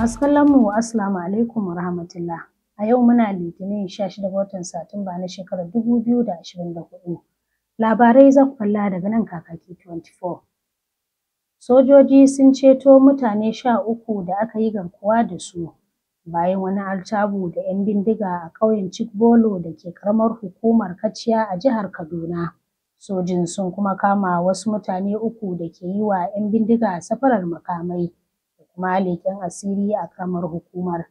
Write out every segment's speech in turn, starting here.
Masu kallon mu Assalamu alaikum wa rahmatullah. A yau muna Litinin 16 ga watan Satumba na shekarar 2024. Labarai za ku kalla daga nan Kakaki 24. Sojoji sun ceto mutane sha uku da aka yi garkuwa da su bayan wani alcabu da 'yan bindiga a ƙauyen cikbolo da ke karamar hukumar Kaciya a jihar Kaduna. Sojin sun kuma kama wasu mutane uku da ke yi wa 'yan bindiga safarar makamai. kuma asiri a kamar hukumar.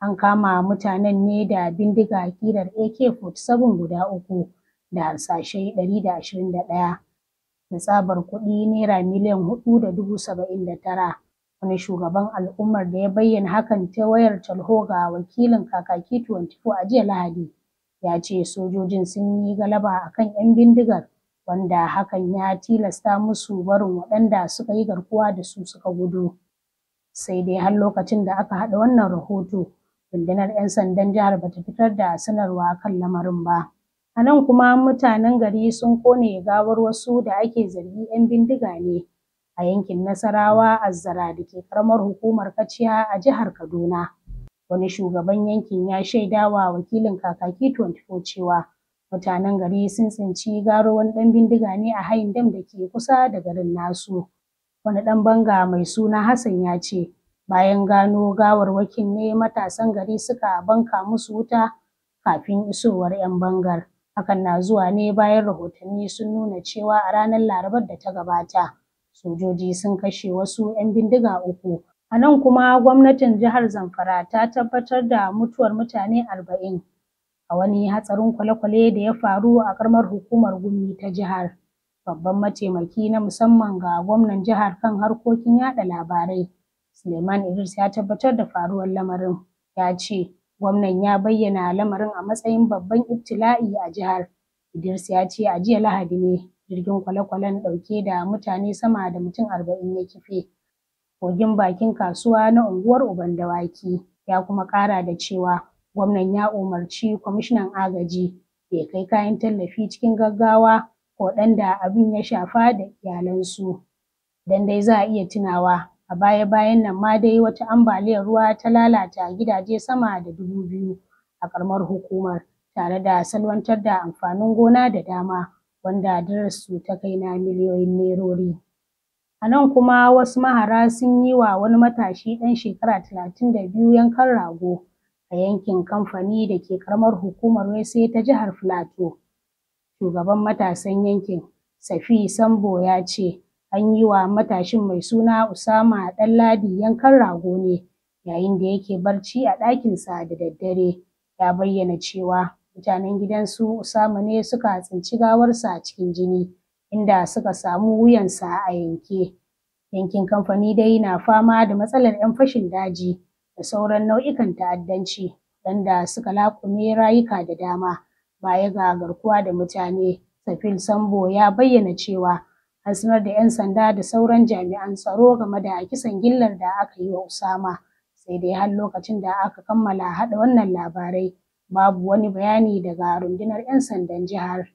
An kama mutanen ne da bindiga kirar AK-47 guda uku da harsashai 121 da tsabar kuɗi naira miliyan hudu da dubu saba'in da tara. Wani shugaban al'ummar da ya bayyana hakan ta wayar talho ga wakilin kakaki 24 a jiya Lahadi ya ce sojojin sun yi galaba a kan 'yan bindigar wanda hakan ya tilasta musu barin waɗanda suka yi garkuwa da su suka gudu. sai dai har lokacin da aka haɗa wannan rahoto rundunar 'yan sandan jihar bata fitar da sanarwa kan lamarin ba a nan kuma mutanen gari sun kone gawar wasu da ake zargi 'yan bindiga ne a yankin nasarawa azzara da ke karamar hukumar kaciya a jihar kaduna wani shugaban yankin ya shaidawa wakilin kakaki 24 cewa mutanen gari sun tsinci garo wani ɗan bindiga ne a hayin dam da ke kusa da garin nasu Wani ɗan banga mai suna Hassan ya ce, bayan gano gawarwakin ne matasan gari suka banka musu wuta kafin isowar 'yan bangar. Hakan na zuwa ne bayan rahotanni sun nuna cewa a ranar Larabar da ta gabata, sojoji sun kashe wasu 'yan bindiga uku. A nan kuma gwamnatin jihar Zamfara ta tabbatar da mutuwar mutane arba'in a wani hatsarin kwale-kwale da ya faru a karmar hukumar Gumi ta jihar. babban mataimaki na musamman ga gwamnan jihar kan harkokin yada labarai suleiman idris ya tabbatar da faruwar lamarin ya ce gwamnan ya bayyana lamarin a matsayin babban ibtila'i a jihar idris ya ce a jiya lahadi ne jirgin kwale-kwalen dauke da mutane sama da mutum arba'in ya kife kogin bakin kasuwa na unguwar uban dawaki ya kuma kara da cewa gwamnan ya umarci kwamishinan agaji ya kai kayan tallafi cikin gaggawa waɗanda abin ya shafa da iyalansu. Idan dai za a iya tunawa, a baya-bayan nan ma dai wata ambaliyar ruwa ta lalata gidaje sama da dubu biyu a ƙaramar hukumar, tare da salwantar da amfanin gona da dama wanda darasu ta kai na miliyoyin nerori. A nan kuma wasu mahara sun yi wa wani matashi ɗan shekara talatin da biyu yankan rago a yankin kamfani da ke ƙaramar hukumar Wese ta jihar Filato. shugaban matasan yankin Safi Sambo ya ce an yi wa matashin mai suna Usama Ɗanladi yankan rago ne yayin da yake barci a ɗakinsa da daddare ya bayyana cewa mutanen gidansu Usama ne suka tsinci gawarsa a cikin jini inda suka samu wuyansa a yanke. Yankin kamfani dai na fama da matsalar 'yan fashin daji da sauran nau'ikan ta'addanci da suka laƙume rayuka da dama. baya ga garkuwa da mutane Safil Sambo ya bayyana cewa an sanar da 'yan sanda da sauran jami'an tsaro game da kisan gillar da aka yi wa Usama. Sai dai har lokacin da aka kammala haɗa wannan labarai babu wani bayani daga rundunar 'yan sandan jihar.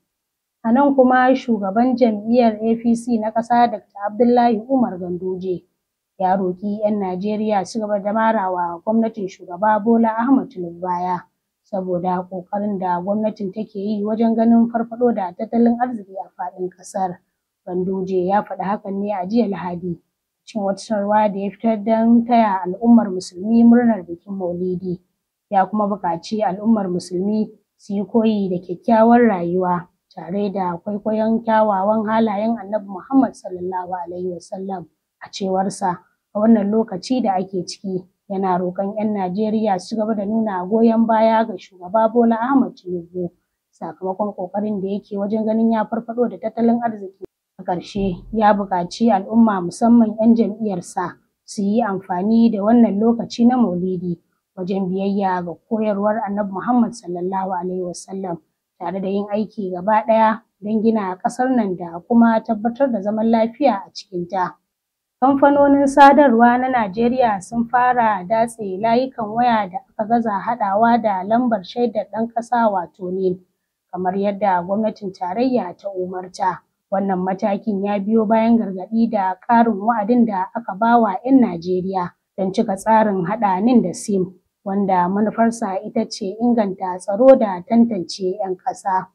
A nan kuma shugaban jam'iyyar APC na ƙasa Dr. Abdullahi Umar Ganduje ya roƙi 'yan Najeriya su gaba da marawa gwamnatin shugaba Bola Ahmad Tinubu saboda ƙoƙarin da gwamnatin take yi wajen ganin farfaɗo da tattalin arziki a faɗin ƙasar. Banduje ya faɗi hakan ne a jiya Lahadi Cin wata sanarwa da ya fitar don taya al'ummar musulmi murnar bikin Maulidi. Ya kuma buƙaci al'ummar musulmi su yi koyi da kyakkyawar rayuwa tare da kwaikwayon kyawawan halayen Annabi Muhammad sallallahu alaihi wasallam a cewarsa a wannan lokaci da ake ciki. yana roƙon 'yan Najeriya su gaba da nuna goyon baya ga shugaba Bola Ahmed Tinubu sakamakon ƙoƙarin da yake wajen ganin ya farfaɗo da tattalin arziki. A ƙarshe ya buƙaci al'umma musamman 'yan jam'iyyarsa su yi amfani da wannan lokaci na maulidi wajen biyayya ga koyarwar Annabi Muhammad sallallahu alaihi wasallam tare da yin aiki gaba ɗaya don gina ƙasar nan da kuma tabbatar da zaman lafiya a cikinta. Kamfanonin sadarwa na Najeriya sun fara datse layukan waya da aka gaza haɗawa da lambar shaidar ɗan ƙasa wato ne, kamar yadda gwamnatin tarayya ta umarta. Wannan matakin ya biyo bayan gargaɗi da ƙarin wa'adin da aka ba wa 'yan Najeriya don cika tsarin haɗa NIN da SIM, wanda manufarsa ita ce inganta tsaro da tantance 'yan ƙasa.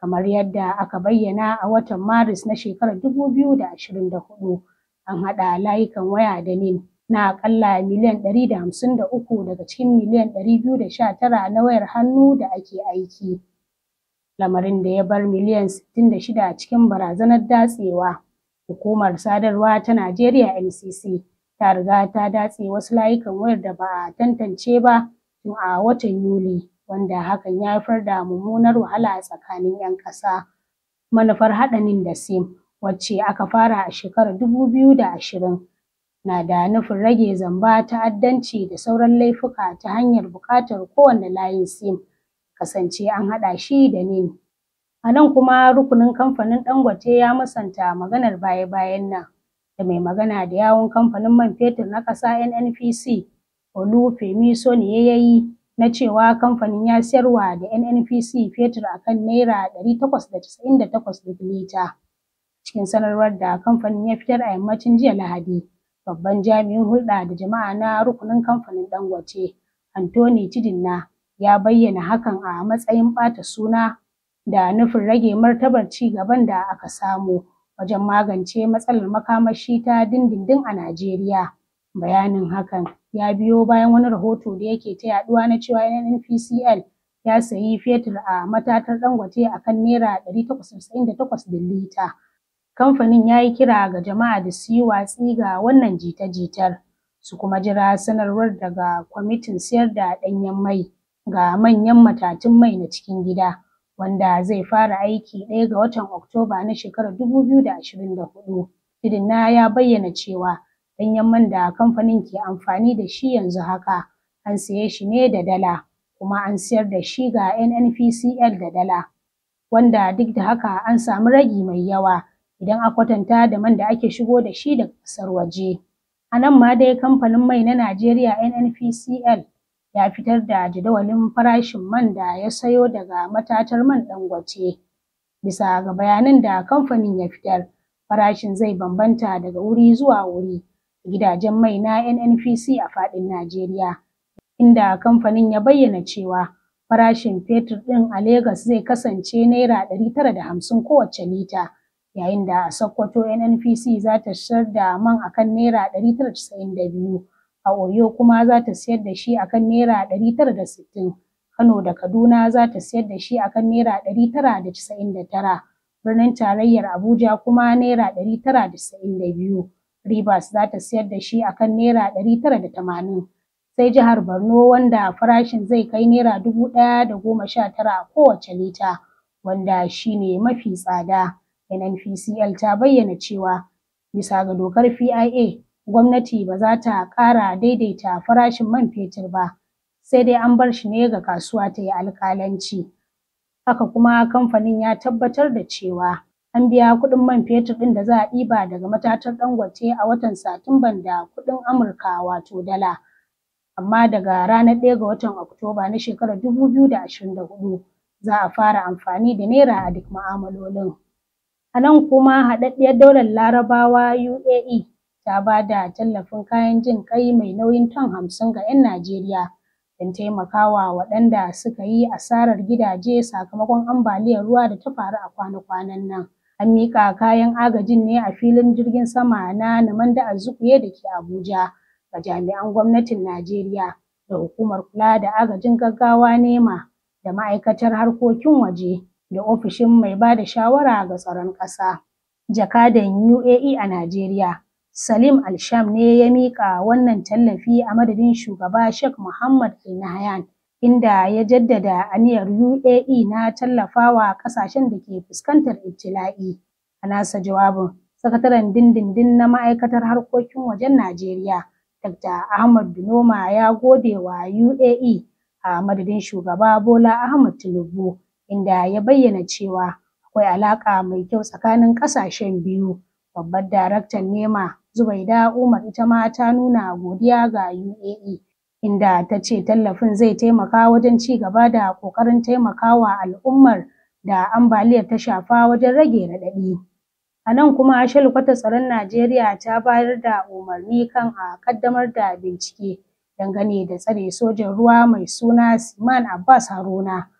Kamar yadda aka bayyana a watan Maris na shekarar 2024. an haɗa layukan waya da nin na akalla miliyan 153 daga cikin miliyan 219 na wayar hannu da ake aiki. Lamarin da ya bar miliyan 66 cikin barazanar datsewa. Hukumar sadarwa ta Najeriya NCC ta riga ta datse wasu layukan wayar da ba a tantance ba tun a watan Yuli, wanda hakan ya haifar da mummunar wahala tsakanin 'yan ƙasa. Manufar haɗanin da SIM wacce aka fara a shekarar dubu biyu da ashirin na da nufin rage zamba ta'addanci da sauran laifuka ta hanyar buƙatar kowane layin sim kasance an haɗa shi da nin a nan kuma rukunin kamfanin dangote ya musanta maganar baya-bayan nan da mai magana da yawon kamfanin man fetur na ƙasa nnpc olufemi soniye ya yi na cewa kamfanin ya siyarwa da nnpc fetur akan naira ɗari 898 da lita Cikin sanarwar da kamfanin ya fitar a yammacin jiya Lahadi, babban jami'in hulɗa da jama'a na rukunin kamfanin Dangote, Anthony Chidinma, ya bayyana hakan a matsayin ɓata suna da nufin rage martabar ci gaban da aka samu wajen magance matsalar makamashi ta dindindin a Najeriya. Bayanin hakan ya biyo bayan wani rahoto da yake ta yaduwa na cewa NNPCL ya sayi fetur a matatar Dangote a kan Naira 898 da lita. Kamfanin ya yi kira ga jama'a da su yi watsi ga wannan jita-jitar, su kuma jira sanarwar daga Kwamitin siyar da Danyen Mai ga manyan matatun mai na cikin gida, wanda zai fara aiki ɗaya ga watan Oktoba na shekarar da hudu. 2024. na ya bayyana cewa danyen man da kamfanin ke amfani da shi yanzu haka an saye shi ne da dala kuma an siyar da shi ga NNPCL da dala, wanda duk da haka an samu ragi mai yawa idan a kwatanta da man da ake shigo da shi daga ƙasar waje. A nan ma dai kamfanin mai na Najeriya NNPCL ya fitar da jadawalin farashin man da ya sayo daga matatar man Dangote. Bisa ga bayanan da kamfanin ya fitar, farashin zai bambanta daga wuri zuwa wuri gidajen mai na NNPC a faɗin Najeriya, inda kamfanin ya bayyana cewa farashin fetur ɗin a Legas zai kasance Naira ɗari tara da hamsin kowace lita. yayin da a Sokoto NNPC za ta sayar da man akan naira 992 a Oyo kuma za ta sayar da shi akan naira 960 Kano da Kaduna za ta sayar da shi akan naira 999 birnin tarayyar Abuja kuma naira 992 Rivers za ta sayar da shi akan naira 980 sai jihar Borno wanda farashin zai kai naira dubu ɗaya da goma 1019 a kowace lita wanda shine mafi tsada NNPCL ta bayyana cewa bisa ga dokar PIA gwamnati ba za ta ƙara daidaita farashin man fetur ba sai dai an bar shi ne ga kasuwa ta yi alƙalanci. Haka kuma kamfanin ya tabbatar da cewa an biya kuɗin man fetur ɗin da za a ɗiba daga matatar Dangote a watan Satumban da kuɗin Amurka wato dala. Amma daga ranar ɗaya ga watan Oktoba na shekarar 2024 za a fara amfani da Naira a duk ma'amalolin. A nan kuma haɗaɗɗiyar daular Larabawa (UAE) ta ba da tallafin kayan jin ƙai mai nauyin ton hamsin ga 'yan Najeriya don taimakawa waɗanda suka yi asarar gidaje sakamakon ambaliyar ruwa da ta faru a kwana-kwanan nan. An miƙa kayan agajin ne a filin jirgin sama na namanda Azikiwe da ke Abuja ga jami'an gwamnatin Najeriya da Hukumar Kula da Agajin Gaggawa (NEMA) da Ma'aikatar Harkokin Waje. da ofishin mai ba da shawara ga tsaron ƙasa. Jakadan UAE a Najeriya, Salim Alsham ne ya miƙa wannan tallafi a madadin shugaba Sheikh Muhammad Al Nahyan, inda ya jaddada aniyar UAE na tallafawa ƙasashen da ke fuskantar ibtila'i. A nasa jawabin, sakataren dindindin na ma'aikatar harkokin wajen Najeriya, Dr. Ahmad Dunoma ya gode wa UAE a madadin shugaba Bola Ahmad Tinubu inda ya bayyana cewa akwai alaƙa mai kyau tsakanin ƙasashen biyu. Babbar daraktan NEMA Zubaida Umar ita ma ta nuna godiya ga UAE inda ta ce tallafin zai taimaka wajen ci gaba da ƙoƙarin taimakawa al'ummar da ambaliyar ta shafa wajen rage raɗaɗi. A nan kuma kwata tsaron Najeriya ta bayar da umarni kan a ƙaddamar da bincike dangane da tsare sojan ruwa mai suna Siman Abbas Haruna.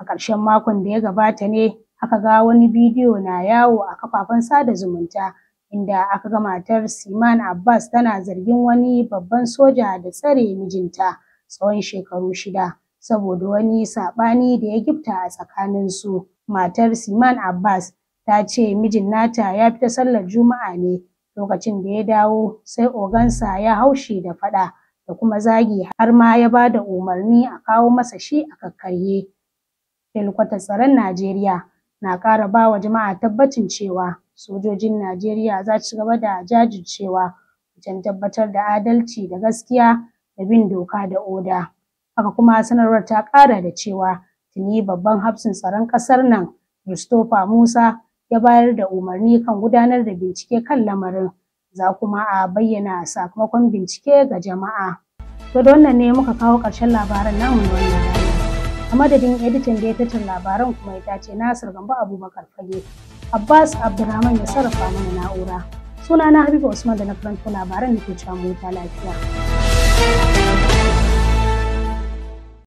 a ƙarshen makon da ya gabata ne aka ga wani bidiyo na yawo a kafafen sada zumunta inda aka ga matar Siman Abbas tana zargin wani babban soja da tsare mijinta tsawon shekaru shida saboda wani saɓani da ya gifta a tsakaninsu. Matar Siman Abbas ta ce mijin nata ya fita sallar Juma'a ne lokacin da ya dawo sai ogansa ya haushi da faɗa da kuma zagi har ma ya ba da umarni a kawo masa shi a kakkarye. Helkwatar tsaron Najeriya na ƙara ba wa jama'a tabbacin cewa sojojin Najeriya za su ci gaba da jajircewa wajen tabbatar da adalci da gaskiya da bin doka da oda. Haka kuma sanarwar ta ƙara da cewa tuni babban hafsin tsaron ƙasar nan Christopher Musa ya bayar da umarni kan gudanar da bincike kan lamarin za kuma a bayyana sakamakon bincike ga jama'a. To da wannan ne muka kawo ƙarshen labaran namu na wannan a madadin editan da ya tattara labaran kuma ya tace nasir gambo abubakar fage abbas abdurrahman ya sarrafa mana na'ura sunana habiba usman da na karanta labaran da ke cewa mota lafiya